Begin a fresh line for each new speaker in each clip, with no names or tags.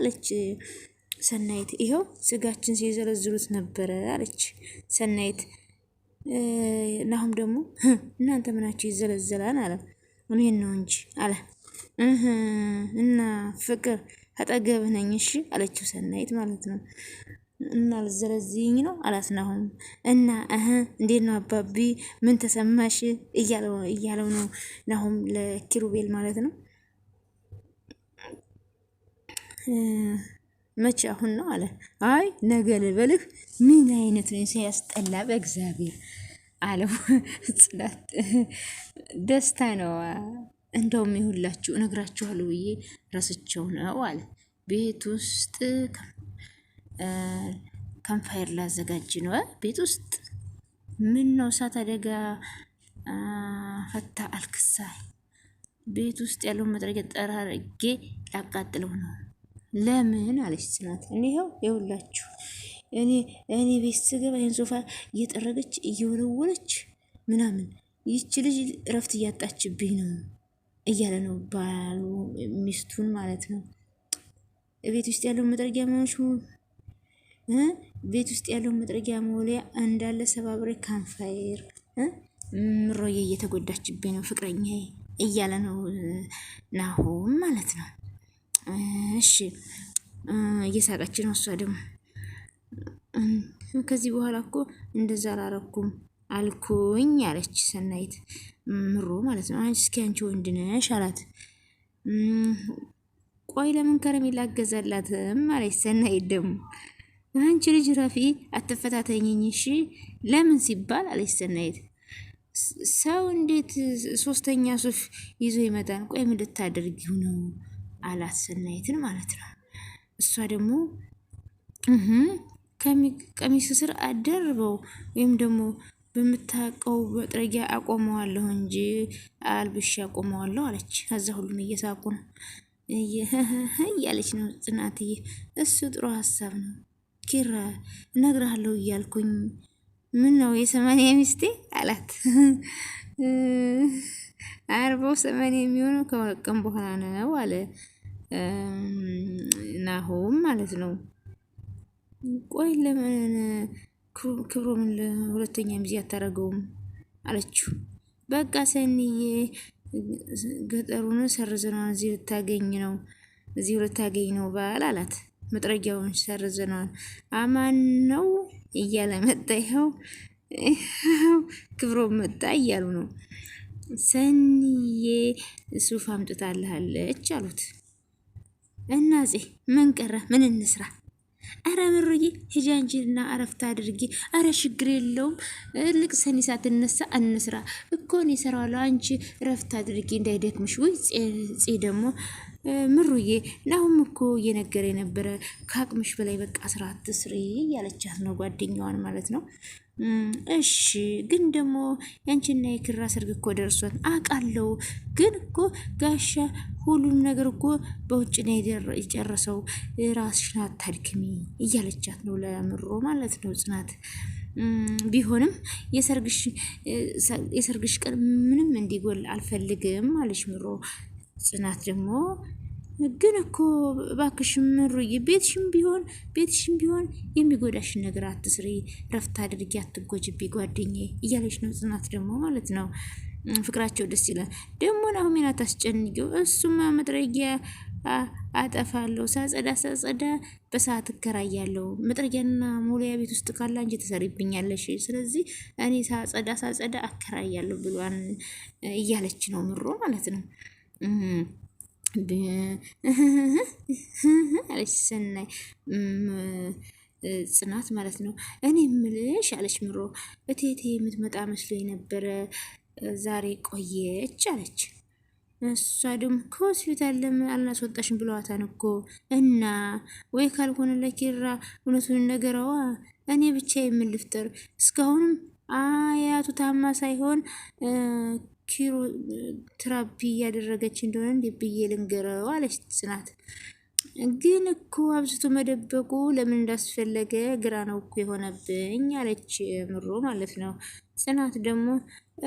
አለች ሰናይት። ይኸው ስጋችን ሲዘረዝሩት ነበረ አለች ሰናይት። ናሁም ደግሞ እናንተ ምናቸው ይዘለዘላል አለ። እኔን ነው እንጂ አለ። እና ፍቅር አጠገብህ ነኝ እሺ አለችው ሰናይት ማለት ነው። እና ልዘለዝኝ ነው አላት ናሁም። እና እህ እንዴት ነው አባቢ ምን ተሰማሽ እያለው ነው ናሁም ለኪሩቤል ማለት ነው። መቼ አሁን ነው አለ። አይ ነገ ልበልህ። ምን አይነት ነው ሲያስጠላ በእግዚአብሔር አለው። ጽናት ደስታ ነው። እንደውም ይሁላችሁ እነግራችኋለሁ ብዬ ረስቸው ነው አለ። ቤት ውስጥ ካምፋየር ላዘጋጅ ነው። ቤት ውስጥ ምን ነው እሳት አደጋ ፈታ አልክሳይ ቤት ውስጥ ያለውን መጥረጊያ ጠራርጌ ላቃጥለው ነው ለምን አለች ጽናት። እኔ ይኸው እኔ እኔ ቤት ስገባ ይህን ሶፋ እየጠረገች እየወለወለች ምናምን ይቺ ልጅ እረፍት እያጣችብኝ ነው እያለ ነው ባሉ ሚስቱን ማለት ነው። ቤት ውስጥ ያለውን መጥረጊያ መሆንሽ ቤት ውስጥ ያለውን መጥረጊያ መወልያ እንዳለ ሰባብሬ ካንፋየር ምሮዬ እየተጎዳችብኝ ነው ፍቅረኛዬ እያለ ነው ናሆም ማለት ነው። እሺ እየሳቀች ነው እሷ ደግሞ ከዚህ በኋላ እኮ እንደዛ አላረኩም አልኩኝ አለች ሰናይት ምሮ ማለት ነው። አንቺ እስኪ አንቺ ወንድ ነሽ አላት። ቆይ ለምን ከረሜላ አገዛላትም አለች ሰናይት ደግሞ አንቺ ልጅ ረፊ አትፈታተኝኝ እሺ ለምን ሲባል አለች ሰናይት። ሰው እንዴት ሶስተኛ ሱፍ ይዞ ይመጣል? ቆይ ምን ልታደርጊው ነው አላት ሰናይትን ማለት ነው። እሷ ደግሞ ቀሚሱ ስር አደርበው ወይም ደግሞ በምታቀው መጥረጊያ አቆመዋለሁ እንጂ አልብሻ አቆመዋለሁ አለች። ከዛ ሁሉም እየሳቁ ነው እያለች ነው ጽናትዬ። እሱ ጥሩ ሀሳብ ነው ኪራ እነግርሃለሁ እያልኩኝ ምን ነው የሰማንያ ሚስቴ አላት። አርባው ዘመን የሚሆነው ከመቀም በኋላ ነው አለ ናሆም ማለት ነው። ቆይ ለምን ክብሮም ለሁለተኛ ጊዜ አታደርገውም አለችው። በቃ ሰኒዬ ገጠሩን ሰርዘነዋል፣ እዚህ ልታገኝ ነው እዚህ ልታገኝ ነው ባል አላት። መጥረጊያውን ሰርዘነዋል። አማን ነው እያለ መጣ። ይኸው ክብሮም መጣ እያሉ ነው ሰኒዬ ሱፍ አምጥታልሃለች አሉት። እናጼ ምን ቀረ? ምን እንስራ? አረ ምሩዬ ሂጂ አንቺና እረፍት አድርጊ። አረ ችግር የለውም ልቅ ሰኒ ሳትነሳ እንስራ እኮ እኔ እሰራዋለሁ። አንቺ እረፍት አድርጊ እንዳይደክምሽ። ውይ ፄ ደግሞ ምሩዬ ናሁም እኮ እየነገረ የነበረ ከአቅምሽ በላይ በቃ ስራ አትስሪ እያለቻት ነው ጓደኛዋን ማለት ነው። እሺ ግን ደግሞ ያንቺና የኪራ ሰርግ እኮ ደርሷት አውቃለሁ። ግን እኮ ጋሻ ሁሉም ነገር እኮ በውጭ ነው የጨረሰው፣ ራስሽን አታድክሚ እያለቻት ነው ለምሮ ማለት ነው ጽናት። ቢሆንም የሰርግሽ ቀን ምንም እንዲጎል አልፈልግም አለች ምሮ። ጽናት ደግሞ ግን እኮ እባክሽ ምሩዬ ቤትሽም ቢሆን ቤትሽም ቢሆን የሚጎዳሽን ነገር አትስሪ፣ ረፍት አድርጊ፣ አትጎጅብኝ ጓደኛዬ እያለች ነው ጽናት ደግሞ ማለት ነው። ፍቅራቸው ደስ ይላል ደግሞ ናሁሜን አታስጨንቂው። እሱማ መጥረጊያ አጠፋለሁ ሳጸዳ ሳጸዳ በሰዓት እከራያለሁ። መጥረጊያና ሞሊያ ቤት ውስጥ ካለ አንቺ ትሰሪብኛለሽ፣ ስለዚህ እኔ ሳጸዳ ሳጸዳ አከራያለሁ ብሏን እያለች ነው ምሮ ማለት ነው። አለች ሰናይ ጽናት ማለት ነው። እኔ ምልሽ አለች ምሮ እቴቴ የምትመጣ መስሎ የነበረ ዛሬ ቆየች አለች። እሷ ደግሞ ከሆስፒታል ለምን አልናስወጣሽም ብለዋታን እኮ እና ወይ ካልሆነ ለኪራ እውነቱን ነገረዋ። እኔ ብቻ የምልፍጠር እስካሁንም አያቱ ታማ ሳይሆን ኪሮ ትራፒ እያደረገች እንደሆነ እንዴ ብዬ ልንገረው አለች ጽናት። ግን እኮ አብዝቶ መደበቁ ለምን እንዳስፈለገ ግራ ነው እኮ የሆነብኝ አለች ምሮ ማለት ነው። ጽናት ደግሞ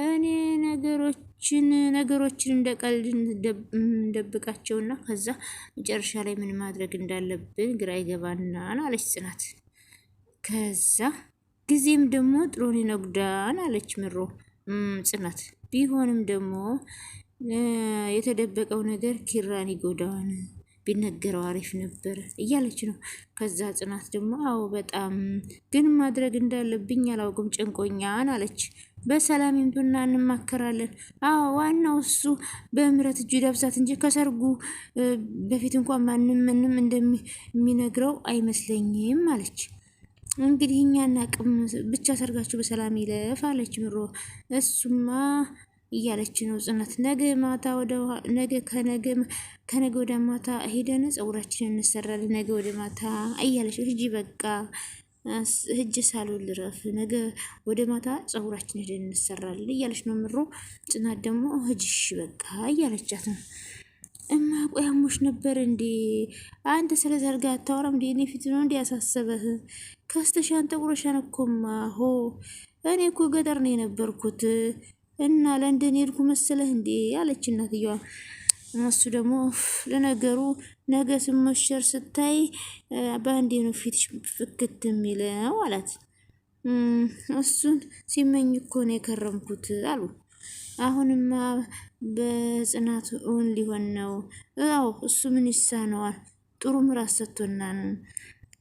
እኔ ነገሮችን ነገሮችን እንደ ቀልድ እንደብቃቸውና ከዛ መጨረሻ ላይ ምን ማድረግ እንዳለብን ግራ ይገባናል አለች ጽናት ከዛ ጊዜም ደግሞ ጥሩን ይነጉዳን አለች ምሮ ጽናት። ቢሆንም ደግሞ የተደበቀው ነገር ኪራን ይጎዳዋን ቢነገረው አሪፍ ነበር እያለች ነው። ከዛ ጽናት ደግሞ አዎ በጣም ግን ማድረግ እንዳለብኝ አላውቅም ጭንቆኛን አለች። በሰላም ይምጡና እንማከራለን። አዎ ዋናው እሱ በምህረት እጁ ዳብሳት እንጂ ከሰርጉ በፊት እንኳን ማንም ምንም እንደሚነግረው አይመስለኝም አለች። እንግዲህ እኛ ቅም ብቻ ሰርጋችሁ በሰላም ይለፍ አለች ምሮ። እሱማ እያለች ነው ጽናት። ነገ ማታ ወደ ነገ ከነገ ከነገ ወደ ማታ ሄደን ጸጉራችን እንሰራለን ነገ ወደ ማታ እያለች ሂጂ በቃ ህጅ ሳሉ ልረፍ ነገ ወደ ማታ ፀጉራችን ሄደን እንሰራለን እያለች ነው ምሮ። ጽናት ደግሞ ህጅሽ በቃ እያለቻት ነው። እማ ቆይ ነበር እንዴ? አንተ ስለ ዘርጋ አታወራም እንዴ? እኔ ፊት ነው እንዴ ያሳሰበህ? ከስተሻን ጠቁረሻን እኮማ ሆ እኔ እኮ ገጠር ነው የነበርኩት እና ለንደን ሄድኩ መሰለህ እንዴ አለች እናትየዋ። እሱ ደግሞ ለነገሩ ነገ ስመሸር ስታይ በአንዴ ነው ፊትሽ ፍክት የሚለው አላት። እሱን ሲመኝ እኮ ነው የከረምኩት አሉ። አሁንማ በጽናት እውን ሊሆን ነው። አዎ እሱ ምን ይሳነዋል? ጥሩ ምራት ነው።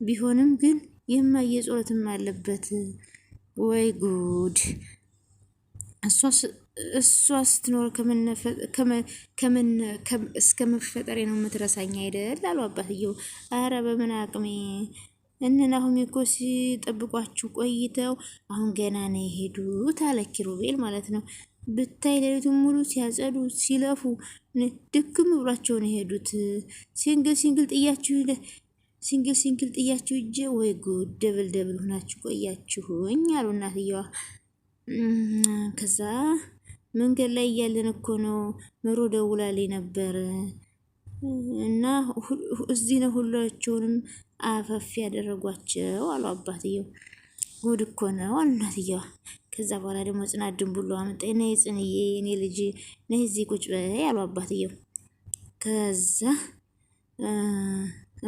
ቢሆንም ግን የማየ ጸሎትም አለበት። ወይ ጉድ! እሷ ስትኖር እስከ መፈጠሬ ነው የምትረሳኝ አይደል? አሉ አባትየው። አረ በምን አቅሜ እነን አሁን እኮ ሲጠብቋችሁ ቆይተው አሁን ገና ነው የሄዱት አለ ኪሩቤል ማለት ነው። ብታይ ሌሊቱን ሙሉ ሲያጸዱ ሲለፉ ድክም ብሏቸው የሄዱት። ሲንግል ሲንግል ጥያችሁ ሲንግል ሲንግል ጥያችሁ እጄ ወይ ጉድ ደብል ደብል ሆናችሁ ቆያችሁኝ አሉ እናትየዋ። ከዛ መንገድ ላይ እያለን እኮ ነው ምሮ ደውላሌ ነበር እና እዚህ ነው ሁላቸውንም አፈፍ ያደረጓቸው አሉ አባትየው። ጉድ እኮ ነው አሉ እናትየዋ። ከዛ በኋላ ደግሞ ጽናት ድንቡሎ አመጣ ነ ጽንዬ የኔ ልጅ ነህ እዚህ ቁጭ በይ አሉ አባትየው። ከዛ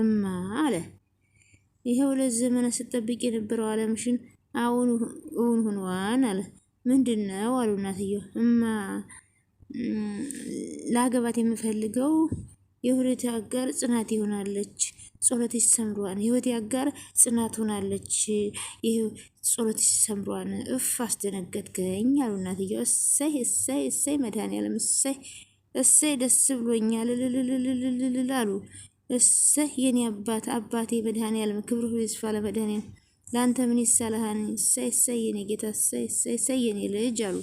እማ አለ ይኸው ሁለት ዘመን ስጠብቅ የነበረው አለምሽን አሁን እውን ሆኗን አለ። ምንድን ነው አሉ እናትየው። እማ ለአገባት የምፈልገው የሁለት አጋር ጽናት ይሆናለች። ጸሎትሽ ሰምሯን ህይወት ያጋር ጽናት ሆናለች። ይህ ጸሎትሽ ሰምሯን እፍ አስደነገጥከኝ አሉ እናትየው። እሰይ እሰይ እሰይ መድኃኒዓለም እሰይ እሰይ ደስ ብሎኛል ልልልልልልል አሉ። እሰይ የኔ አባት አባቴ መድኃኒዓለም ክብር ሁሉ ይስፋ ለመድኃኒዓለም ለአንተ ምን ይሳልሃን? እሰይ እሰይ የኔ ጌታ እሰይ እሰይ እሰይ የኔ ልጅ አሉ።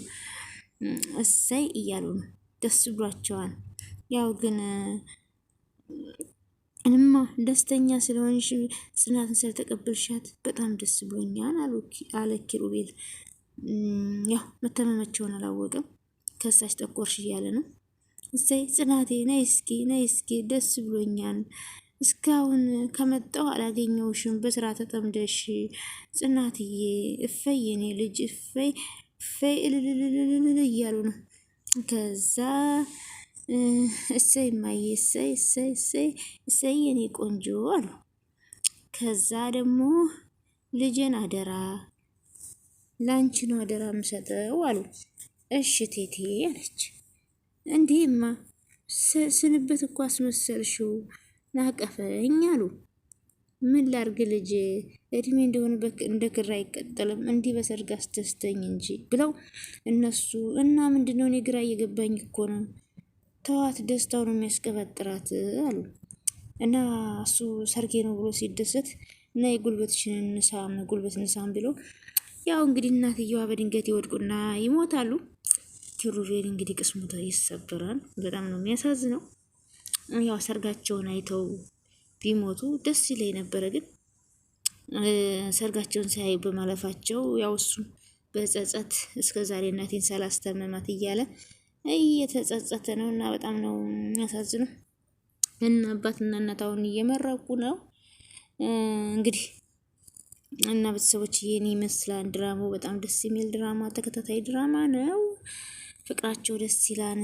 እሰይ እያሉ ነው ደስ ብሏቸዋል። ያው ግን እማ ደስተኛ ስለሆንሽ ጽናትን ስለተቀበልሻት በጣም ደስ ብሎኛል አለ ኪሩቤል። ያው መተመመቸውን አላወቅም። ከሳሽ ጠቆርሽ እያለ ነው። እሰይ ጽናቴ ነይ እስኪ ነይ እስኪ ደስ ብሎኛል። እስካሁን ከመጣው አላገኘውሽም። በስራ ተጠምደሽ ጽናትዬ፣ እፈይ የኔ ልጅ እፈይ እፈይ እልልልልልል እያሉ ነው ከዛ እሰይ እማዬ እሰይ እሰይ እሰይ እሰይ የኔ ቆንጆ አሉ። ከዛ ደግሞ ልጄን አደራ ላንቺ ነው አደራ የምሰጠው አሉ። እሺ ቴቴ አለች። እንዴማ ስንብት እኮ አስመሰልሽው ናቀፈኝ አሉ። ምን ላርግ ልጅ እድሜ እንደሆነ እንደ ክር አይቀጠልም፣ እንዲህ በሰርግ አስደስተኝ እንጂ ብለው እነሱ እና ምንድነው እኔ ግራ እየገባኝ እኮ ነው ተዋት፣ ደስታው ነው የሚያስቀበጥራት አሉ እና እሱ ሰርጌ ነው ብሎ ሲደሰት እና የጉልበትሽን ንሳም ጉልበት ንሳም ብሎ ያው እንግዲህ እናትየዋ በድንገት ይወድቁና ይሞታሉ። ኪሩቤል እንግዲህ ቅስሙ ይሰበራል። በጣም ነው የሚያሳዝነው። ያው ሰርጋቸውን አይተው ቢሞቱ ደስ ይለኝ ነበረ፣ ግን ሰርጋቸውን ሳያዩ በማለፋቸው ያው እሱም በጸጸት እስከ ዛሬ እናቴን ሳላስተመማት እያለ እየተጸጸተ ነው እና በጣም ነው የሚያሳዝነው። እና አባትና እናት አሁን እየመረቁ ነው እንግዲህ እና ቤተሰቦች የኔ ይመስላል ድራማው። በጣም ደስ የሚል ድራማ ተከታታይ ድራማ ነው። ፍቅራቸው ደስ ይላል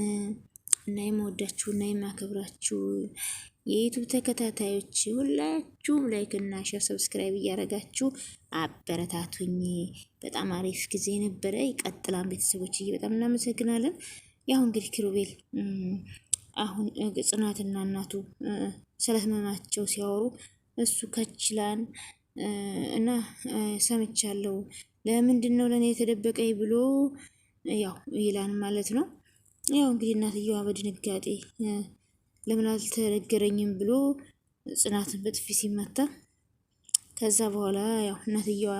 እና የመወዳችሁ እና የማከብራችሁ የዩቱብ ተከታታዮች ሁላችሁም ላይክ እና ሼር ሰብስክራይብ እያደረጋችሁ አበረታቱኝ። በጣም አሪፍ ጊዜ ነበረ። ይቀጥላል ቤተሰቦች፣ በጣም እናመሰግናለን። ያው እንግዲህ ኪሩቤል አሁን ጽናትና እናቱ ስለ ህመማቸው ሲያወሩ እሱ ከችላን እና ሰምቻለሁ፣ ለምንድን ነው ለእኔ የተደበቀኝ ብሎ ያው ይላን ማለት ነው። ያው እንግዲህ እናትየዋ በድንጋጤ ለምን አልተነገረኝም ብሎ ጽናትን በጥፊ ሲመታ ከዛ በኋላ ያው እናትየዋ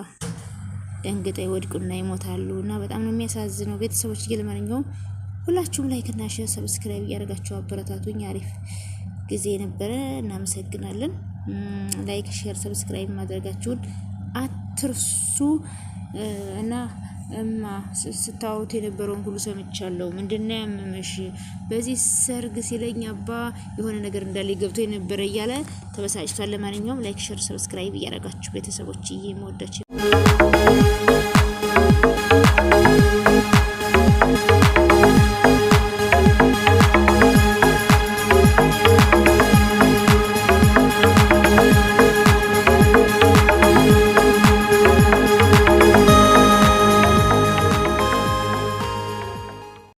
ደንግጠ ወድቁና ይሞታሉ። እና በጣም ነው የሚያሳዝነው ቤተሰቦች ግን ለማንኛውም ሁላችሁም ላይክ እና ሼር ሰብስክራይብ እያደረጋችሁ አበረታቱኝ። አሪፍ ጊዜ ነበረ። እናመሰግናለን። ላይክ ሼር ሰብስክራይብ ማድረጋችሁን አትርሱ እና እማ ስታወሩት የነበረውን ሁሉ ሰምቻለሁ። ምንድነው ያመመሽ? በዚህ ሰርግ ሲለኝ አባ የሆነ ነገር እንዳለ ገብቶ የነበረ እያለ ተበሳጭቷል። ለማንኛውም ላይክ ሸር ሰብስክራይብ እያደረጋችሁ ቤተሰቦች መወዳችን